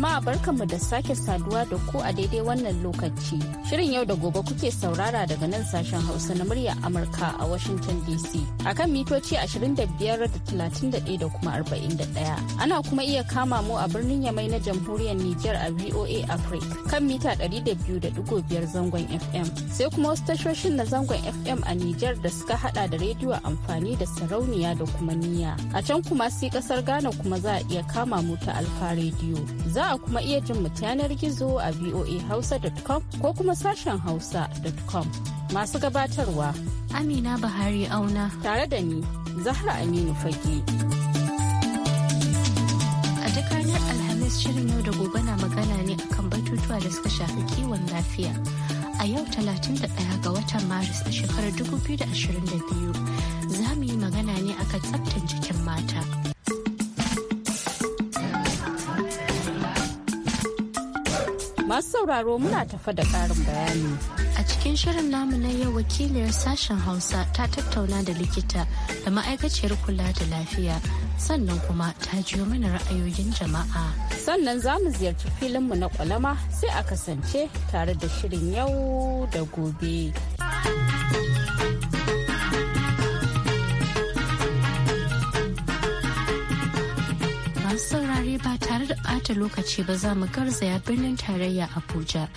Jama'a barkanmu da sake saduwa da ku a daidai wannan lokaci. Shirin yau da gobe kuke saurara daga nan sashen Hausa na murya Amurka a Washington DC. A kan mitoci 25.31 da kuma 41. Ana kuma iya kama mu a birnin Yamai na jamhuriyar Nijar a VOA Africa kan mita 200.5 zangon FM. Sai kuma wasu tashoshin na zangon FM a Nijar da suka hada da rediyo amfani da sarauniya da kuma niya. A can kuma sai kasar Ghana kuma za a iya kama mu ta Alfa rediyo Za za a kuma iya jin mu yanar gizo a voahausa.com ko kuma sashen hausa.com. Masu gabatarwa Amina Bahari Auna. Tare da ni, Zahra Aminu Fage. A duk Alhamis shirin yau da gobe na magana ne akan batutuwa da suka shafi kiwon lafiya. A yau 31 ga watan Maris a shekarar 2022 za mu yi magana ne akan tsaftar jikin mata. Masu sauraro muna tafa da ƙarin bayani. A cikin shirin namu na yau wakiliyar sashen Hausa ta tattauna da likita da ma'aikaciyar kula da lafiya sannan kuma ta jiyo mana ra'ayoyin jama'a. Sannan za mu ziyarci filinmu na kwalama sai a kasance tare da shirin yau da gobe. bata lokaci ba za mu garzaya birnin tarayya a Abuja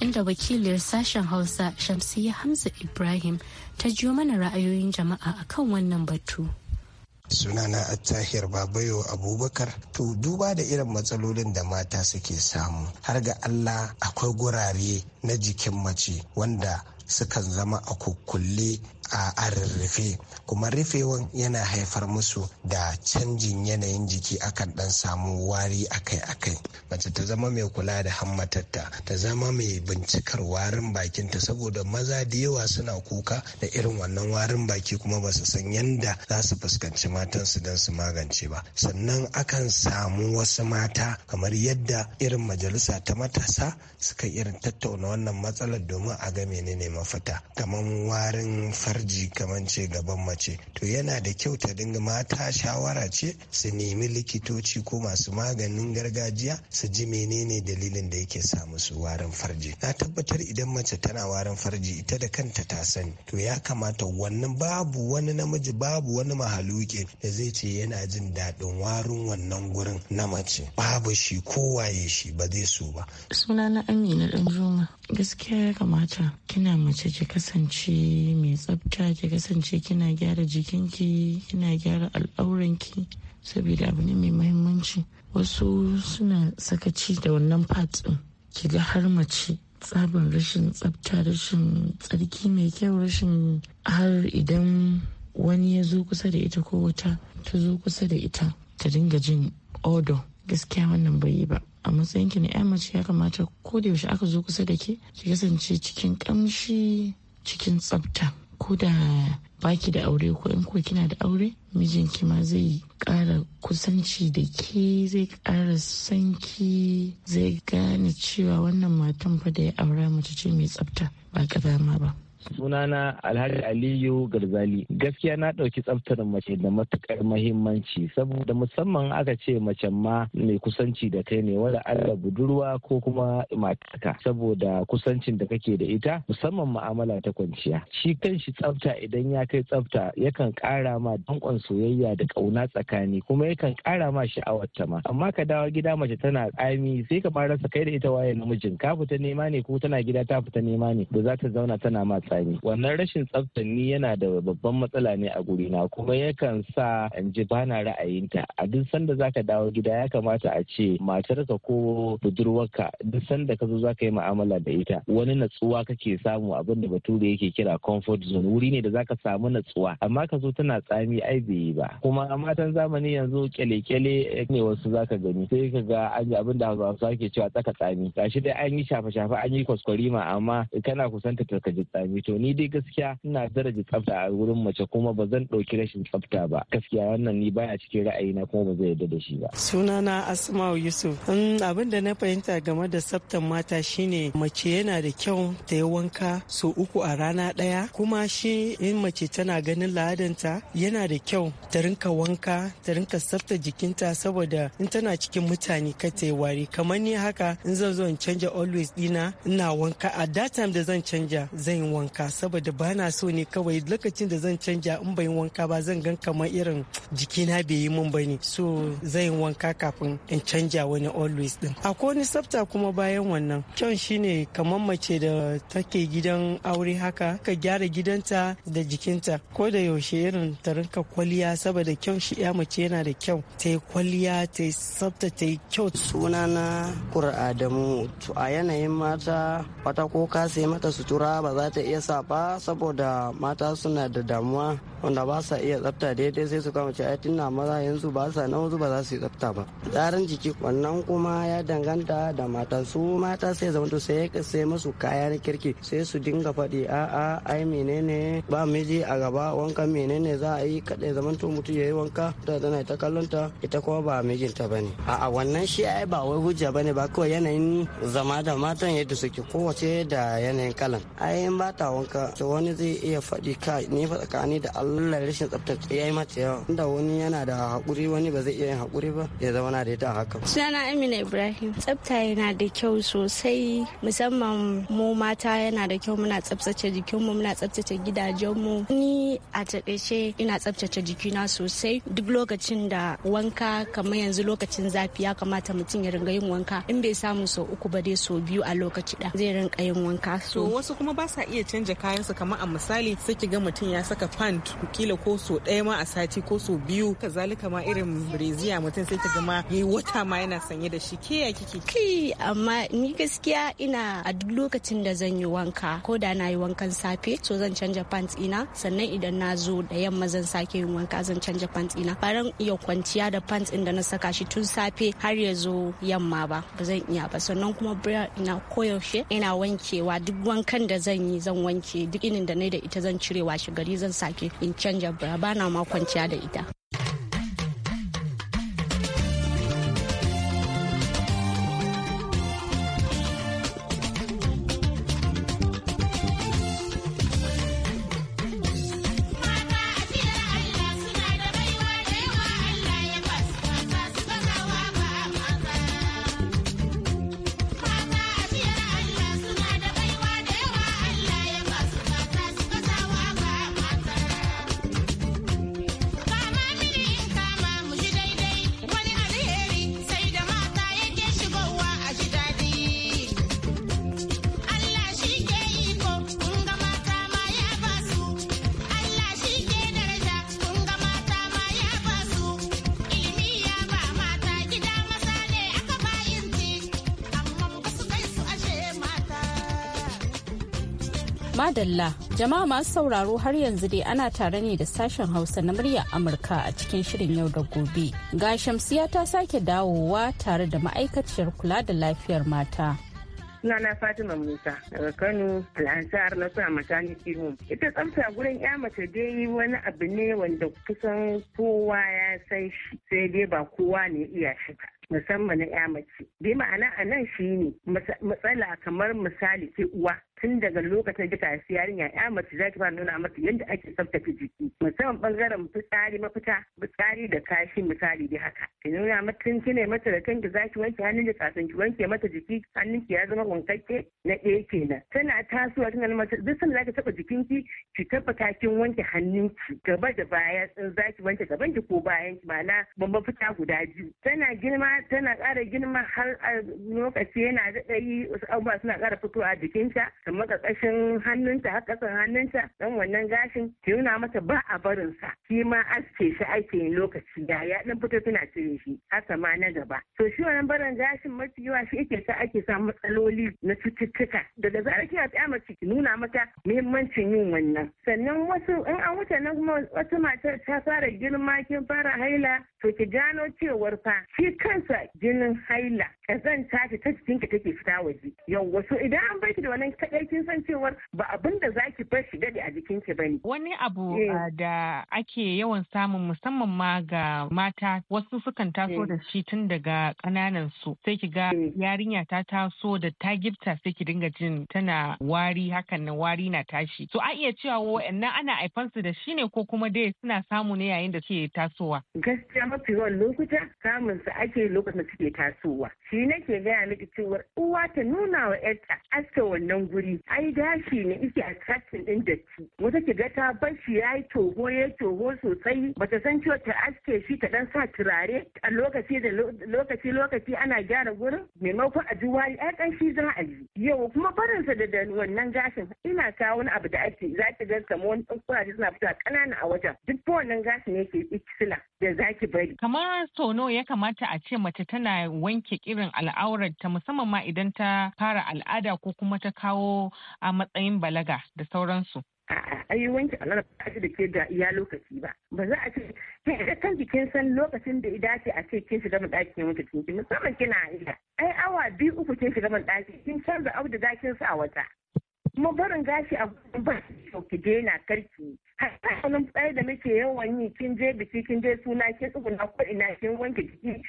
inda wakiliyar sashen Hausa Shamsiyya Hamza Ibrahim ta jiyo mana ra'ayoyin jama'a akan wannan batu. sunana attahir babayo abubakar to duba da irin matsalolin da mata suke samu har ga allah akwai gurare na jikin mace wanda sukan zama a kukkulle a rarrafe kuma rufewan yana haifar musu da canjin yanayin jiki akan dan samu wari akai-akai mace ta zama mai kula da hammatarta ta zama mai bincikar warin bakinta saboda maza da yawa suna kuka da irin wannan warin baki kuma ba su san yanda za su fuskanci matansu don su magance ba sannan akan samu wasu mata kamar yadda irin majalisa ta matasa suka irin tattauna wannan matsalar domin a ga menene mafita kamar warin far farji kamar ce gaban mace to yana da kyau ta dinga mata shawara ce su nemi likitoci ko masu maganin gargajiya su ji menene dalilin da yake sa musu warin farji na tabbatar idan mace tana warin farji ita da kanta ta sani to ya kamata wannan babu wani namiji babu wani mahaluke da zai ce yana jin daɗin warin wannan gurin na mace babu shi kowaye shi ba zai so ba sunana amina dan gaskiya ya kamata kina mace ki kasance mai tsafta ta ki kasance kina gyara jikinki kina gyara al'auranki saboda abu ne mai mahimmanci wasu suna sakaci da wannan fatin ki ga har mace tsabin rashin tsafta rashin tsarki mai kyau rashin har idan wani ya zo kusa da ita ko wata ta zo kusa da ita ta dinga jin odo gaskiya wannan bai yi ba a matsayinki na 'ya mace ya kamata ko da yaushe aka zo kusa da ke ki kasance cikin kamshi cikin tsabta ko da baki da aure ko in ko kina da aure mijinki ma zai kara kusanci da ke zai kara sanki zai gane cewa wannan matan fa da ya aura mace ce mai tsafta ba ma ba sunana alhaji aliyu garzali gaskiya na ɗauki tsaftar mace da matuƙar mahimmanci saboda musamman aka ce mace ma mai kusanci da kai ne wanda allah budurwa ko kuma matarka saboda kusancin da kake da ita musamman ma'amala ta kwanciya shi kan shi tsafta idan ya kai tsafta yakan ƙara ma danƙon soyayya da ƙauna tsakani kuma yakan ƙara ma sha'awar ma amma ka dawo gida mace tana ƙami sai ka rasa kai da ita waye namijin ka fita nema ne ko tana gida ta fita nema ne ba za ta zauna tana ma ne wannan rashin tsaftanni ni yana da babban matsala ne a guri na kuma yakan sa in ji bana ra'ayinta a duk sanda zaka dawo gida ya kamata a ce matarka ko budurwarka duk sanda ka zo zaka yi mu'amala da ita wani natsuwa kake samu abin da bature yake kira comfort zone wuri ne da zaka samu natsuwa amma ka zo tana tsami ai bai yi ba kuma a matan zamani yanzu kyale-kyale ne wasu zaka gani sai ka ga an yi abin da ake cewa tsaka tsami gashi dai an yi shafe-shafe an yi ma amma kana kusanta ta ji tsami gobe to ni dai gaskiya ina daraja tsafta a wurin mace kuma ba zan ɗauki rashin tsafta ba gaskiya wannan ni baya cikin ra'ayi na kuma ba zai yarda da shi ba sunana asma'u yusuf abin da na fahimta game da tsaftan mata shine mace yana da kyau ta yi wanka so uku a rana ɗaya kuma shi in mace tana ganin ladanta yana da kyau ta rinka wanka ta rinka tsafta jikinta saboda in tana cikin mutane ka ta yi wari kamar ni haka in zan zo in canja always dina ina wanka a that da zan canja zan yi wanka wanka saboda ba na so ne kawai lokacin da zan canja in bai wanka ba zan gan kamar irin jikina bai yi min ne so zan yi wanka kafin in canja wani always din akwai wani tsafta kuma bayan wannan kyan shine kamar mace da take gidan aure haka ka gyara gidanta da jikinta ko da yaushe irin ta rinka kwaliya saboda kyan shi ya mace yana da kyau ta yi kwaliya ta yi tsafta ta yi kyau suna sunana kur'adamu a yanayin mata wata ko ka sai mata sutura ba za ta iya yasa ba saboda mata suna da damuwa wanda ba sa iya tsafta daidai sai su kama ai tunna maza yanzu ba sa na wasu ba za su yi tsafta ba tsarin jiki wannan kuma ya danganta da mata su mata sai zamanto sai sai musu kaya na kirki sai su dinga faɗi a'a ai menene ba miji a gaba wanka menene za a yi kada zamanto mutum ya yi wanka da tana ta kallon ta ita kuma ba mijinta ba ne a'a wannan shi ai ba wai hujja ba ne ba kawai yanayin zama da matan yadda suke kowace da yanayin kalan ai in ba ta wanka to wani zai iya faɗi ka ni fa tsakani da Allah wannan rashin tsabtace ya yi mata yawa inda wani yana da haƙuri wani ba zai iya yin haƙuri ba ya zama na da ita haka sunana amina ibrahim tsabta yana da kyau sosai musamman mu mata yana da kyau muna tsaftace jikinmu muna gidajen gidajenmu ni a taƙaice ina tsabtace jikina sosai duk lokacin da wanka kamar yanzu lokacin zafi ya kamata mutum ya ringa yin wanka in bai samu sau uku ba dai sau biyu a lokaci da zai rinka yin wanka so wasu kuma ba sa iya canja kayansu kamar a misali sai ki ga mutum ya saka pant kila ko so ɗaya ma a sati ko so biyu kazalika ma irin breziya mutum sai kiga ma yi wata ma yana sanye da shi ke ya kike ki amma ni gaskiya ina a duk lokacin da zan yi wanka ko da na yi wankan safe to zan canja pants ina sannan idan na zo da yamma zan sake yin wanka zan canja pants ina baran iya kwanciya da pants ɗin da na saka shi tun safe har ya zo yamma ba ba zan iya ba sannan kuma bra ina koyaushe ina wankewa duk wankan da zan yi zan wanke duk inin da na da ita zan cirewa shi gari zan sake in canja ba na ma kwanciya da ita Madalla, jama'a masu sauraro har yanzu dai ana tare ne da sashen Hausa na murya Amurka a cikin shirin yau da gobe. Ga Shamsiya ta sake dawowa tare da ma'aikaciyar kula da lafiyar mata. sunana Fatima Musa daga Kano Al'ansar na sa matani home. Ita tsamta gurin ya mace dai wani abu ne wanda kusan kowa ya san shi sai dai ba kowa ne iya shi ba. musamman na ya mace. Bi ma'ana a nan shi ne matsala kamar misali ke uwa tun daga lokacin da tashi yarinya ya mace zaki fara nuna mata yadda ake tsaftace jiki musamman bangaren fitsari mafita fitsari da kashi misali dai haka ki nuna mata tun kine mata da kanki zaki wanke hannun da kafin ki wanke mata jiki hannun ki ya zama wankakke na ɗaya kenan tana tasowa tana mata duk sanda zaki taɓa jikinki ki taɓa kakin wanke hannun ki gaba da baya in zaki wanke gaban ki ko bayan ki ma'ana bamban fita guda biyu tana girma tana ƙara girma har a lokaci yana daɗa yi wasu abubuwa suna ƙara fitowa a jikinta ta maka ƙashin hannunta har ƙasan hannunta dan wannan gashin ki nuna mata ba a barin sa shi ma aske shi ake yin lokaci da ya dan fito tana cire shi haka ma na gaba to shi wannan barin gashin mafi yawa shi yake sa ake samu matsaloli na cututtuka daga zarar kina mace ki nuna mata muhimmancin yin wannan sannan wasu in an wuce nan kuma wata matar ta fara girma kin fara haila to ki gano cewar fa shi kansa jinin haila kazanta ta cikin ki take fita waje yau wasu idan an ki da wannan kaɗe kai kin san cewar ba abin da ki bar shi dade a jikin ki bane wani abu eh. ah, da ake yawan samun musamman ma ga mata wasu sukan taso eh. da shi tun daga kananan su sai ki ga eh. yarinya ta taso da ta gifta sai ki dinga jin tana wari hakan na wari na tashi to a iya cewa wa'annan ana su da shi ne ko kuma dai suna samu ne yayin da suke tasowa gaskiya mafi yawan lokuta samun su ake lokacin da suke tasowa shi nake gaya miki cewa uwa ta nuna wa yarta aska wannan guri shi ai gashi ne ike cikin din datti wata ki ga ta bashi yayi toho ya toho sosai Ba ta san cewa ta aske shi ta dan sa turare a lokaci da lokaci lokaci ana gyara gurin maimakon a juwari ai kan shi za a ji yau kuma sa da wannan gashin ina kawo wani abu da ake za ki ga kamar wani kuraje suna fita kanana a wajen duk wannan gashin yake ikisila da zaki bari kamar tono ya kamata a ce mace tana wanke kirin al'aurar ta musamman ma idan ta fara al'ada ko kuma ta kawo a matsayin balaga da sauransu. yi wanke a lalata ta da ke ga iya lokaci ba ba za a ce ke da kan jikin san lokacin da ya ce a ce kin shiga mun ne wuce kin musamman kina iya ai awa biyu uku kin shiga mun daki kin canza abu da za kin sa wata kuma barin gashi a ba ki daina karki hatta wani tsaye da muke yawan yi kin je biki kin je suna kin tsuguna ko ina kin wanke jiki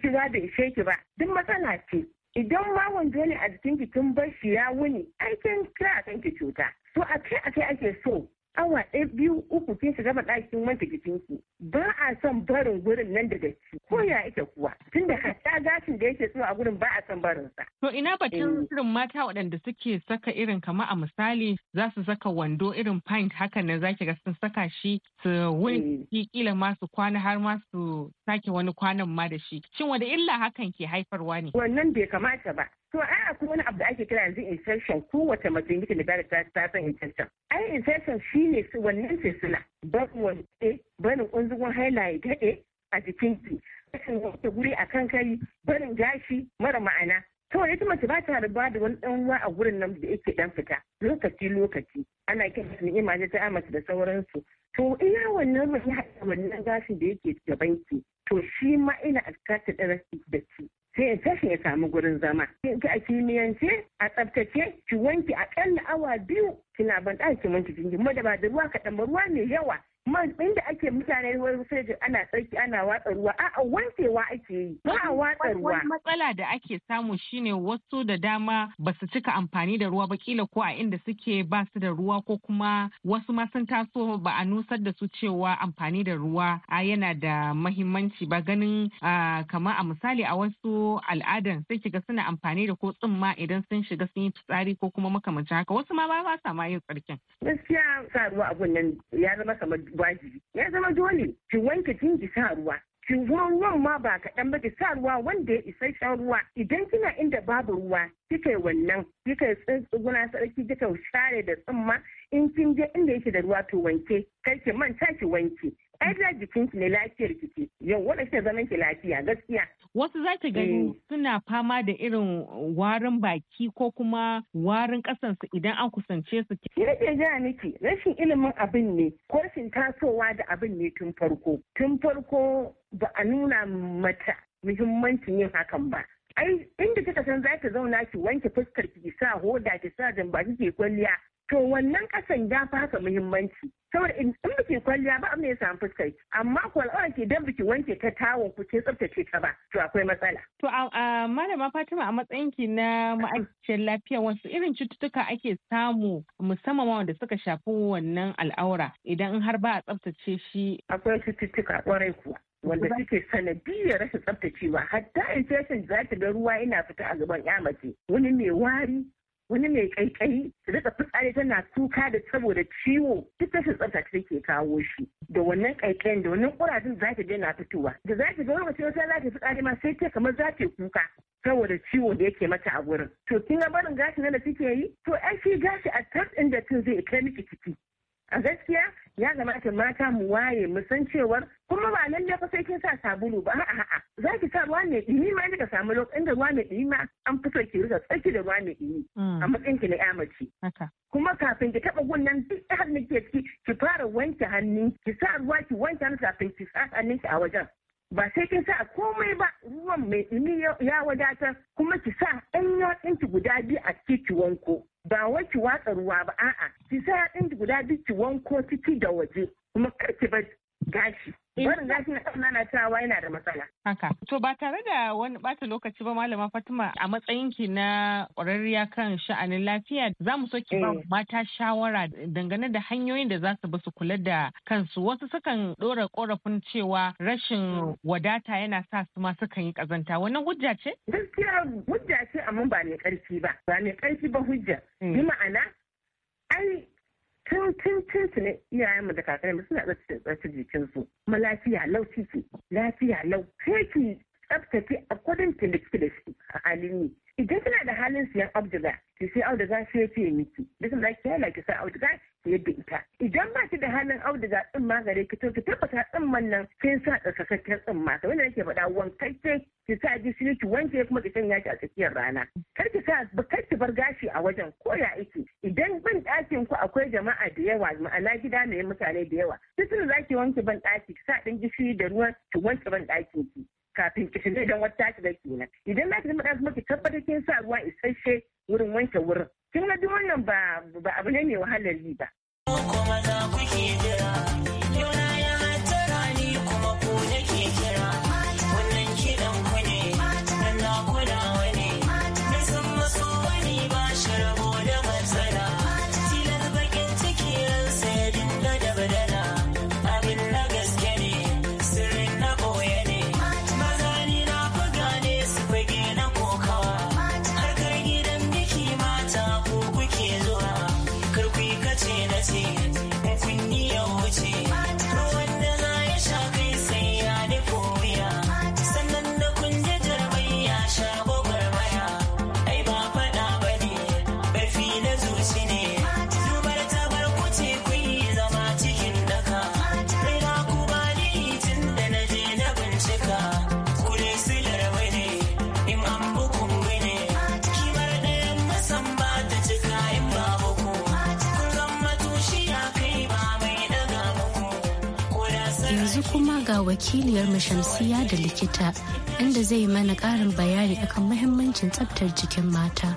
ki ba da ishe ki ba duk matsala ce idan ma wando a jikin jikin barshi ya wuni aikin kin kira kan ki cuta so a kai a kai ake so awa ɗaya biyu uku ke shiga ba ɗakin wanke jikinki ba a son barin gurin nan da datti ko ya ita kuwa tunda hatta gashin da yake tsuwa a gurin ba a son barin sa. To ina batun eh. irin mata waɗanda suke saka irin kama a misali za su saka wando irin pint hakan nan zaki ga sun saka shi su wuri eh. kila ma su kwana har ma su sake wani kwanan ma da shi. Shin wanda illa hakan ke haifarwa ne? Wannan bai kamata ba. To ai akwai wani abu da ake kira yanzu infection kowace mace yake da ta san infection. Ai infection shi ne su wannan silsila ban wanke barin kunzugun haila ya daɗe a jikinki rashin wanke guri a kan kai barin gashi mara ma'ana to ita mace ba ta riba da wani ɗan ruwa a gurin nan da yake ɗan fita lokaci lokaci ana kiran su ni'ima ta ta mace da sauransu to ina wannan ruwa ya haɗa wannan gashin da yake banki? to shi ma ina askata ɗan da ki sai in tashi ya samu gurin zama. Ki a kimiyance a tsaftace, ki wanke akalla awa biyu kina ban ɗaki mun tafi kuma da ba da ruwa kaɗan ba ruwa mai yawa man inda ake mutane ruwa sai ana tsarki ana watsa ruwa a'a wancewa ake yi ba a watsa ruwa wani matsala da ake samu shine wasu da dama ba su cika amfani da ruwa ba kila ko a inda suke ba su da ruwa ko kuma wasu ma sun taso ba a nusar da su cewa amfani da ruwa a yana da mahimmanci ba ganin kamar a misali a wasu al'adan sai kiga suna amfani da ko tsumma idan sun shiga sun yi fitsari ko kuma makamancin haka wasu ma ba sa ma yin tsarkin gaskiya sa ruwa a nan ya zama kamar wajibi ya zama dole ki wanke ki sa ruwa ki ruwan ma ba kaɗan ba ki sa ruwa wanda ya isa shan ruwa idan kina inda babu ruwa kika wannan kika yi tsuguna sarki kika share da tsumma in kin je inda yake da ruwa to wanke kai ki manta ki wanke jikin ki ne lafiyar kike yau wanda ke zaman ki lafiya gaskiya. Wasu za ki gani eh. suna fama da irin warin baki ko kuma warin ƙasansu idan an kusance su. Ki rage gaya miki rashin ilimin abin ne ko rashin tasowa da abin ne tun farko. Tun farko ba a nuna mata muhimmancin yin hakan ba. ai inda kika san za ki zauna ki wanke fuskar ki sa hoda ki sa jamba ke kwalliya to wannan kasan ya fi haka muhimmanci saboda in biki kwalliya ba amma ya samu fuskai. amma ko al'aura ke dan biki wanke ta tawon ku ke tsaftace ta ba to akwai matsala to a malama Fatima a matsayin ki na ma'aikaciyar lafiya wasu irin cututtuka ake samu musamman wanda suka shafi wannan al'aura idan har ba a tsaftace shi akwai cututtuka kwarai kuwa wanda suke sanadiyar rashin tsaftacewa hatta infection za ta ga ruwa ina fita a gaban ya mace wani mai wari wani mai kaikayi ta daga fitsari tana kuka da saboda ciwo duk rashin tsafta ta ke kawo shi da wannan kaikayin da wannan kurajin za ta daina fitowa da za ta ga wani wata za ta fitsari ma sai ta kamar za ta kuka saboda ciwo da yake mata a wurin. to kin ga barin gashi na da kike yi to ai shi gashi a tas ɗin da tun zai kai miki ciki a gaskiya ya kamata mata mu waye mu san cewar kuma ba lalle fa sai kin sa sabulu ba a'a a'a za ki sa ruwa mai dimi ma ka samu lokacin da ruwa mai dimi ma an fito ki rika tsaki da ruwa mai dimi mm. a matsayin ki na ya mace kuma kafin ki taba gunnan duk hannun ki ki fara wanke hannun ki sa ruwa ki wanke hannun kafin ki sa hannun ki a wajen ba sai kin sa komai ba ruwan mai ɗumi ya wadatar kuma ki sa ɗan yatsun guda biyu a ciki ki wanko ba wai ki watsa ruwa ba a'a ki sa ɗinki guda biyu ki wanko ciki da waje kuma kar ki bar gashi Barin eh. na kan yana da matsala. Haka. To ba tare da wani bata lokaci ba malama Fatima a matsayin ki na ƙwararriya kan sha'anin lafiya za mu so ki ba eh. mata shawara dangane da hanyoyin da za su ba su kula da kansu wasu sukan ɗora ƙorafin cewa rashin wadata yana sa su ma sukan yi ƙazanta wannan hujja ce? Gaskiya hujja ce amma ba mai ƙarfi ba ba mai ƙarfi ba hujja. Eh. Bi ma'ana ai tun tun tun su ne iyayenmu da mu suna tsarci jikinsu kuma lafiya lau ciki lafiya lau sai ki tsaftace a kudin da da shi a halin ne idan kina da halin siyan auduga ki sai auduga sai ce miki Da da ki hala ki sai auduga ki yadda ita idan ba ki da halin auduga din ma gare ki to ki tabbata man nan kin sa tsakakken tsimma to wanda nake faɗa wankakke ki sa gishiri ki wanke kuma ki sanya ki a tsakiyar rana kar ki sa kar ki bar gashi a wajen ko ya idan ban ɗakin ku akwai jama'a da yawa ma'ana gida ne mutane da yawa duk za ki wanke ban ɗaki ki sa ɗan gishiri da ruwan ki wanke ban ɗakin ki kafin ki shiga idan wata ke nan idan na ki zama ɗan ki tabbata kin sa ruwa isasshe wurin wanke wurin kin ga duk wannan ba abu ne mai wahalar yi ba. ga wakiliyar shamsiya da likita inda zai mana ƙarin bayani akan muhimmancin tsaftar jikin mata.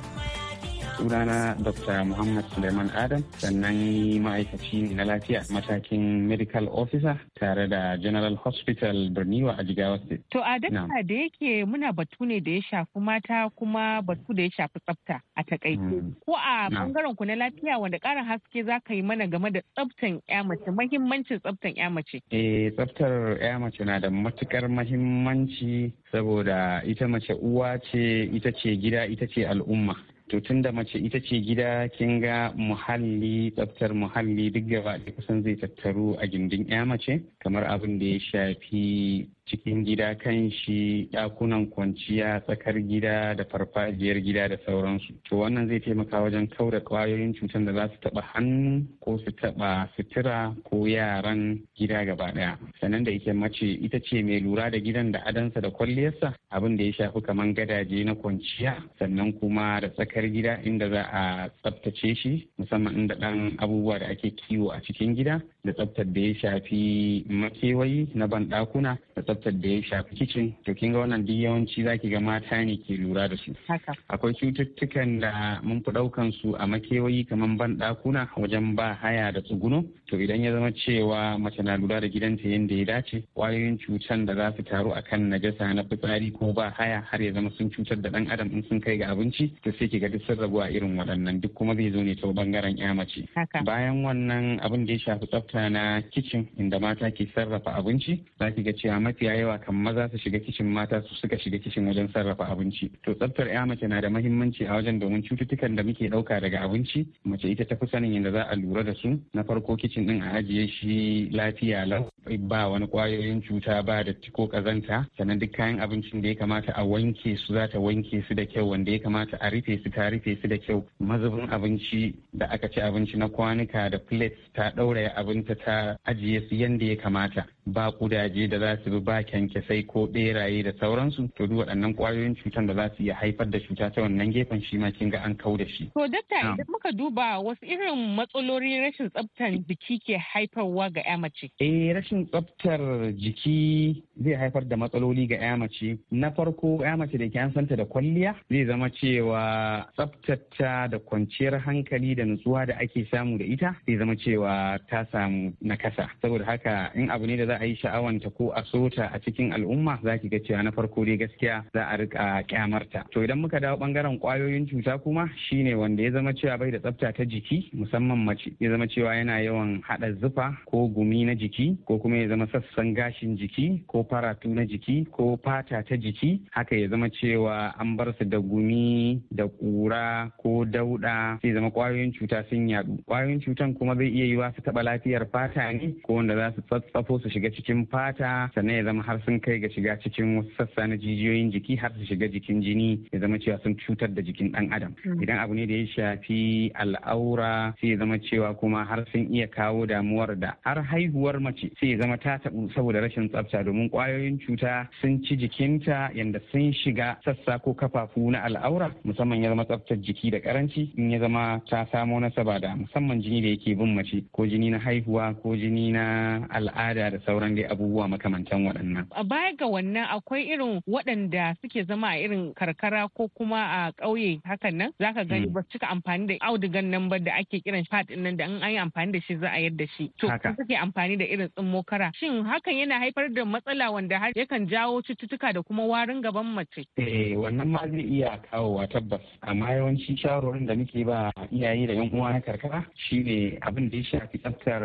sunana dr muhammad suleiman adam sannan ma'aikaci na lafiya matakin medical officer tare da general hospital birniwa a jigawa state to a dakta da yake muna batu ne da ya shafi mata kuma batu da ya shafi tsafta a takaice hmm. ko a bangaren ku na lafiya wanda karin haske za ka yi mana game da tsaftan ya mace mahimmancin tsaftan ya mace eh tsaftar ya mace na da matukar mahimmanci saboda ita mace uwa ce ita ce gida ita ce al'umma to tun da mace ita ce gida kin ga muhalli tsaftar muhalli duk gaba da kusan zai tattaru a gindin ya mace kamar abin da ya shafi cikin gida kan shi ɗakunan kwanciya tsakar gida da farfajiyar gida da sauransu to wannan zai taimaka wajen kaura ƙwayoyin cutar da za su taɓa hannu ko su taɓa sutura ko yaran gida gaba ɗaya sannan da yake mace ita ce mai lura da gidan da adansa da kwalliyarsa abin da ya shafi kaman gadaje na kwanciya sannan kuma da tsakar gida inda za a tsaftace shi musamman inda ɗan abubuwa da ake kiwo a cikin gida da tsaftar da ya shafi makewayi na banɗakuna da tsaftar da ya shafi kicin to kinga wannan duk yawanci zaki ga mata ne ke lura da su akwai cututtukan da mun fi ɗaukan su a makewayi kamar banɗakuna wajen ba haya da tsuguno to idan ya zama cewa mace na lura da gidanta yadda ya dace kwayoyin cutan da za su taru kan najasa na fitsari ko ba haya har ya zama sun cutar da dan adam in sun kai ga abinci to sai ki ga duk sun rabu a irin waɗannan duk kuma zai zo ne ta bangaren ya mace bayan wannan abin da ya shafi tsafta tsafta na kicin inda mata ke sarrafa abinci za ki ga cewa mafiya yawa kan maza su shiga kicin mata su suka shiga kicin wajen sarrafa abinci to tsaftar ya mace na da mahimmanci a wajen domin cututtukan da muke ɗauka daga abinci mace ita ta fi sanin yadda za a lura da su na farko kicin din a ajiye shi lafiya lau ba wani kwayoyin cuta ba da ko kazanta sannan duk kayan abincin da ya kamata a wanke su za ta wanke su da kyau wanda ya kamata a rufe su ta rufe su da kyau mazubin abinci da aka ci abinci na kwanuka da plates ta ɗauraya abinci ta ajiye su yadda ya kamata ba kudaje da za su bi ba kyankyasai ko beraye da sauransu to duk waɗannan kwayoyin cutan da za su iya haifar da cuta ta wannan gefen shi ma kin ga an kau da shi. To dakta idan muka duba wasu irin matsaloli rashin tsaftar jiki ke haifarwa ga ya mace. Eh rashin tsaftar jiki zai haifar da matsaloli ga ya mace. Na farko ya mace da ke an santa da kwalliya zai zama cewa tsaftata da kwanciyar hankali da nutsuwa da ake samu da ita zai zama cewa ta samu nakasa saboda haka in abu ne da za a yi sha'awanta ko a sota a cikin al'umma za ki ga cewa na farko dai gaskiya za a rika kyamarta to idan muka dawo bangaren kwayoyin cuta kuma shine wanda ya zama cewa bai da tsafta ta jiki musamman mace ya zama cewa yana yawan haɗa zufa ko gumi na jiki ko kuma ya zama sassan gashin jiki ko faratu na jiki ko fata ta jiki haka ya zama cewa an bar su da gumi da ƙura ko dauda sai zama kwayoyin cuta sun yaɗu kwayoyin cutan kuma zai iya yiwa su taba lafiyar fata ne ko wanda za su tsatsafo su shiga shiga cikin fata sannan ya zama har sun kai ga shiga cikin wasu sassa na jijiyoyin jiki har su shiga jikin jini ya zama cewa sun cutar da jikin dan adam hmm. idan abu ne da ya shafi al'aura sai ya zama cewa kuma har sun iya kawo damuwar da har haihuwar mace sai ya zama ta taɓu saboda rashin tsafta domin kwayoyin cuta sun ci jikinta yanda sun shiga sassa ko kafafu na al'aura musamman ya zama tsaftar jiki da karanci in ya zama ta samo nasaba da musamman jini da yake bin mace ko jini na haihuwa ko jini na al'ada da sauran dai abubuwa makamantan waɗannan. A baya ga wannan akwai irin waɗanda suke zama a irin karkara ko kuma a ƙauye hakan nan za ka gani hmm. ba cika amfani da audugan nan ba da ake kiran pad din nan da an yi amfani da shi za a yadda shi. To suke amfani da irin tsimmo kara. Shin hakan yana haifar da matsala wanda har yakan jawo cututtuka da kuma warin gaban mace. Eh wannan ma zai iya kawo wa tabbas amma yawanci shawarwarin da muke ba iyaye da yan uwa na karkara shine abin da ya shafi tsaftar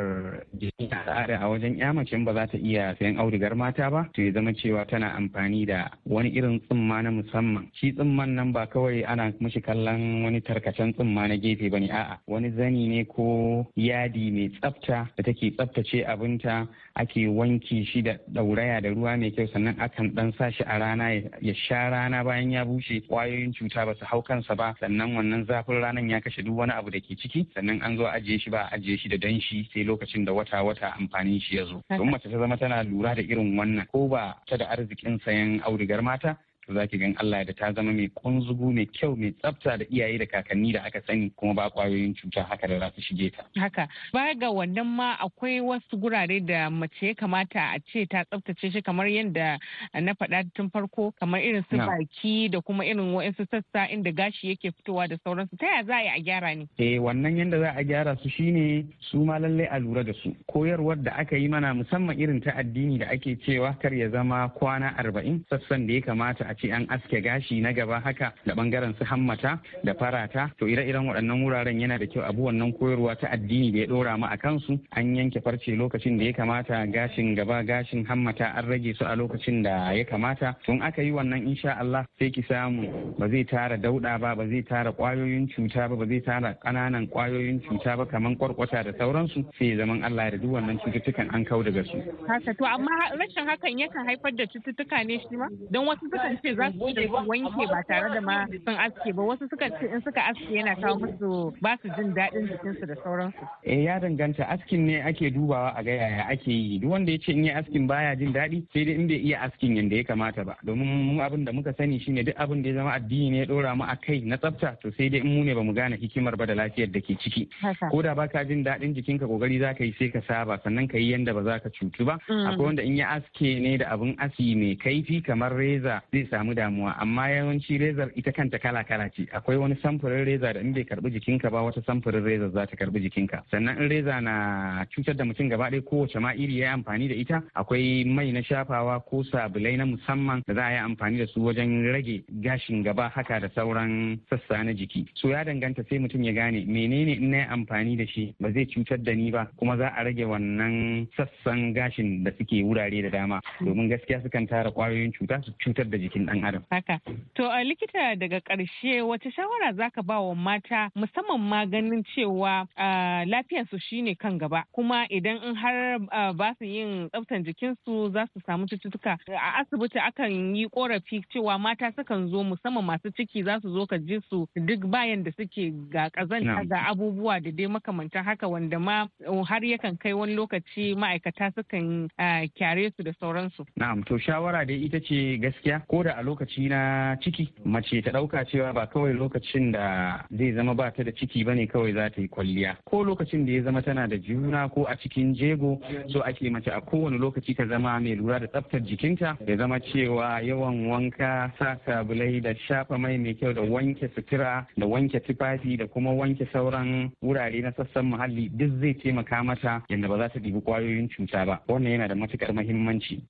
jikin al'ada a wajen ya mace ba za ta iya sayan audugar mata ba to ya zama cewa tana amfani da wani irin tsimma na musamman shi tsimman nan ba kawai ana mashi kallon wani tarkacen tsimma na gefe bane a'a wani zani ne ko yadi mai tsafta da take tsaftace abinta ake wanki shi da ɗauraya da ruwa mai kyau sannan akan dan sa shi a rana ya sha rana bayan ya bushe kwayoyin cuta ba su hau kansa ba sannan wannan zafin ranar ya kashe duk wani abu da ke ciki sannan an zo ajiye shi ba ajiye shi da danshi sai lokacin da wata wata amfanin shi ya zo. mace ta zama tana lura da irin wannan ko ba ta da arzikin sayan audugar mata to za ki gan Allah da ta zama mai kunzugu mai kyau mai tsafta da iyaye da kakanni da aka sani kuma ba kwayoyin cuta haka da za su shige ta. Haka ba ga wannan ma akwai wasu gurare da mace ya kamata a ce ta tsaftace shi kamar yadda na faɗa tun farko kamar irin su baki da kuma irin wa'insu sassa inda gashi yake fitowa da sauransu ta ya za a yi a gyara ne. Eh wannan yadda za a gyara su shine su ma lallai a lura da su koyarwar da aka yi mana musamman irin ta addini da ake cewa kar ya zama kwana arba'in sassan da ya kamata a ce an aske gashi na gaba haka da bangaren su hammata da farata to ire-iren waɗannan wuraren yana da kyau abu wannan koyarwa ta addini da ya ɗora mu a kansu an yanke farce lokacin da ya kamata gashin gaba gashin hammata an rage su a lokacin da ya kamata tun aka yi wannan insha Allah sai ki samu ba zai tara dauɗa ba ba zai tara kwayoyin cuta ba ba zai tara ƙananan kwayoyin cuta ba kamar kwarkwata da sauransu sai zaman Allah da duk wannan cututtukan an kau daga su. Haka to amma rashin hakan yakan haifar da cututtuka ne shi ma don wasu sukan ce za su wanke ba tare da ma sun aske ba wasu suka ce in suka aske yana kawo musu ba su jin daɗin jikinsu da sauransu. Eh ya danganta askin ne ake dubawa a ga yaya ake yi duk wanda ya ce in yi askin baya jin daɗi sai dai in bai iya askin yadda ya kamata ba domin mu abin da muka sani shine duk abin da ya zama addini ne ya ɗora mu a kai na tsafta to sai dai in mu ne mu gane hikimar ba da lafiyar da ke ciki. Ko da baka jin daɗin jikinka kokari za ka yi sai ka saba sannan ka yi yanda ba za ka cutu ba. Mm. Akwai wanda in yi aske ne da abin asi mai kaifi kamar reza zai samu damuwa amma yawanci rezar ita kanta kala kala ce akwai wani samfurin reza da in bai karbi jikinka ba wata samfurin reza za ta karbi jikinka sannan in reza na cutar da mutum gaba ɗaya kowace ma iri ya yi amfani da ita akwai mai na shafawa ko sabulai na musamman da za a yi amfani da su wajen rage gashin gaba haka da sauran sassa na jiki so ya danganta sai mutum ya gane menene in na yi amfani da shi ba zai cutar da ni ba kuma za a rage wannan sassan gashin da suke wurare da dama domin gaskiya sukan tara kwayoyin cuta su cutar da jikin adam. Haka. To a likita daga ƙarshe wata shawara zaka ba wa mata musamman ma ganin cewa lafiyarsu shine kan gaba kuma idan in har ba su yin tsaftan jikinsu za su samu cututtuka a asibiti akan yi korafi cewa mata sukan zo musamman masu ciki za su zo ka ji su duk bayan da suke ga kazanta ga abubuwa da dai makamantan haka wanda ma um, har yakan kai wani lokaci ma'aikata sukan kyare su da sauransu. Na'am to shawara dai ita ce gaskiya ko da a lokaci na ciki mace ta ɗauka cewa ba kawai lokacin da zai zama ba ta da ciki bane kawai za ta yi kwalliya ko lokacin da ya zama tana da juna ko a cikin jego so ake mace a kowane lokaci ta zama mai lura da tsaftar jikinta ya zama cewa yawan wanka sa sabulai da shafa mai mai kyau da wanke sutura da wanke tufafi da kuma wanke sauran wurare na sassan muhalli duk zai taimaka mata yadda ba za ta ɗibi kwayoyin cuta ba wannan yana da matukar mahimmanci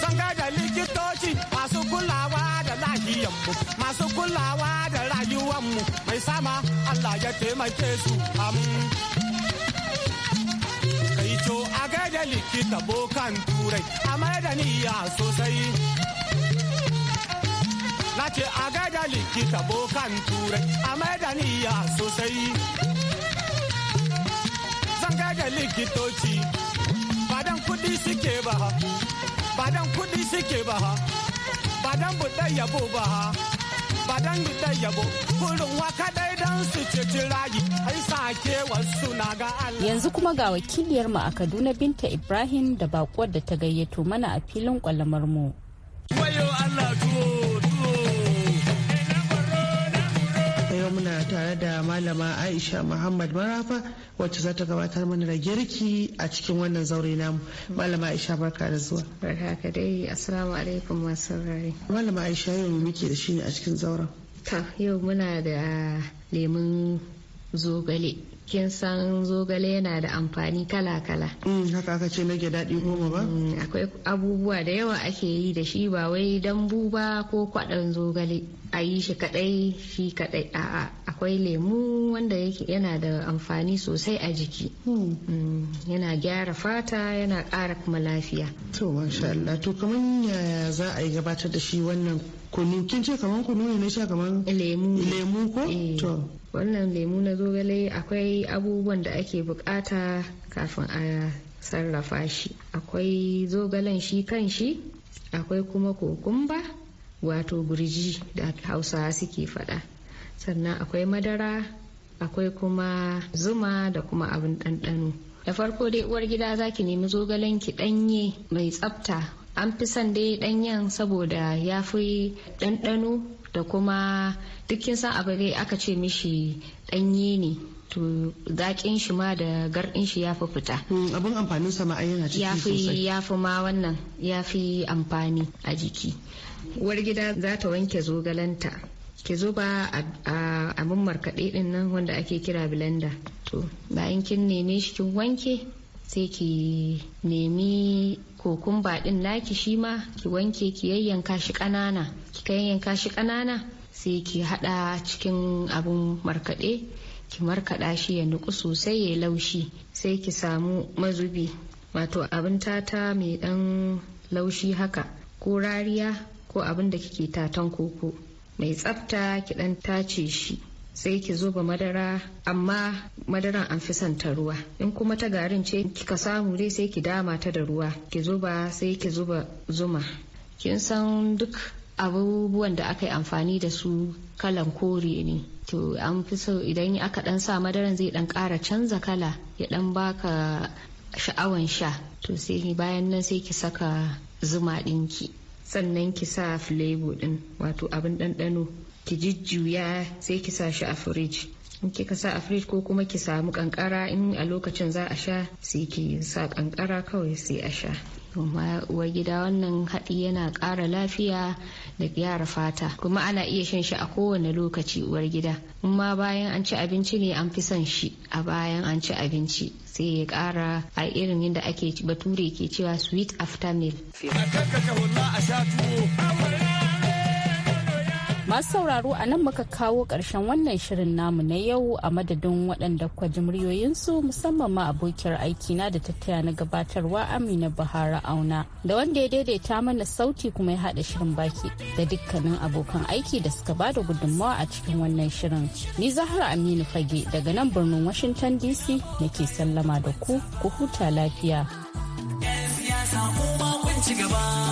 Sun da likitoci masu kulawa da lahiyanmu, masu kulawa da rayuwanmu mai sama Allah ya taimake su am. Kai co a gaida likita bokan turai, a mai da niyya sosai. na a gaida likita bokan turai a maidaniya sosai zan gaida likitoci badan kudi suke ba ba dan kuɗi suke ba ha ba dan buɗe yabo ba ha ba dan buɗe yabo kurin waka dai dan su ceci rayu ai sake wasu na ga Allah yanzu kuma ga wakiliyar mu a Kaduna Binta Ibrahim da bakuwar da ta gayyato mana a filin kwalamar mu tare da malama Aisha Muhammad Marafa wacce za ta gabatar mana da girki a cikin wannan zaure namu. Malama Aisha barka da zuwa. Barka ka dai assalamu alaikum masu rari. Malama Aisha yau muke da shi ne a cikin zauren. Ta yau muna da lemun zogale. kin san zogale yana da amfani kala-kala. Mm, haka aka ce rage daɗi goma ba? Mm, akwai abubuwa da yawa ake yi da shi ba wai dambu ba ko kwaɗon zogale a yi shi kaɗai shi kaɗai a'a akwai lemu wanda yana da amfani sosai a jiki mm. yana gyara fata yana ƙara kuma lafiya. to masha Allah to kamar yaya za a yi gabatar da shi wannan kunu kin ce kamar kunu ne na sha kamar lemu ko eh. to wannan lemu na zogale akwai abubuwan da ake bukata kafin a sarrafa shi akwai zogalen shi kan shi akwai kuma kokumba wato gurji da hausa suke fada sannan akwai madara akwai kuma zuma da kuma abin ɗanɗano da farko dai uwar gida za ki nemi zogalen ki ɗanye mai tsafta an fi son dai ɗanyen saboda ya fi ɗanɗano da kuma dukkin san abu dai aka ce mishi ɗanye ne to zaƙin shi ma da garɗin shi ya fi fita. Hmm, abin amfanin sa ma yana ciki sosai. Ya fi ma wannan ya fi amfani a jiki. war gida za ta wanke zogalanta. Ki zuba a abin markaɗe ɗin nan wanda ake kira blender. To bayan kin neme shi kin wanke sai ki nemi kokumba din naki shi ma ki wanke ki yayyanka shi ƙanana ki yayyanka shi ƙanana sai ki haɗa cikin abun markaɗe ki markaɗa shi ya nuku sosai ya laushi sai ki samu mazubi wato abin tata mai ɗan laushi haka ko rariya ko abin da kike tatan koko mai tsafta ki ɗan tace shi sai ki zuba madara amma madaran an fi son ta ruwa in kuma ta garin ce kika samu dai sai ki dama ta da ruwa ki zuba sai ki zuba zuma kin san duk abubuwan da aka yi amfani da su kalan kore ne to an fi so idan aka dan sa madaran zai dan kara canza kala ya dan baka sha'awan sha to sai bayan nan sai ki saka zuma dinki sannan ki sa flavor din wato abin ɗanɗano ki jujjuya sai ki sa shi a firij in kika sa a firij ko kuma ki samu kankara in a lokacin za a sha sai ki sa kankara kawai sai a sha uwar gida wannan haɗi yana ƙara lafiya da gyara fata kuma ana iya shan shi a kowane lokaci uwar gida ma bayan an ci abinci ne an fi son shi a bayan an ci abinci sai ya ƙara a irin yadda ake bature ke cewa sweet after meal. Masu sauraro a nan muka kawo ƙarshen wannan shirin namu na yau a madadin waɗanda kwa jimriyoyinsu musamman ma abokiyar aikina da tattaya na gabatarwa Amina Bahara Auna da wanda ya daidaita mana sauti kuma ya haɗa shirin baki da dukkanin abokan aiki da suka bada gudunmawa a cikin wannan shirin. Ni Zahra Aminu Fage daga nan birnin Washington DC nake sallama da ku ku huta lafiya. ci gaba.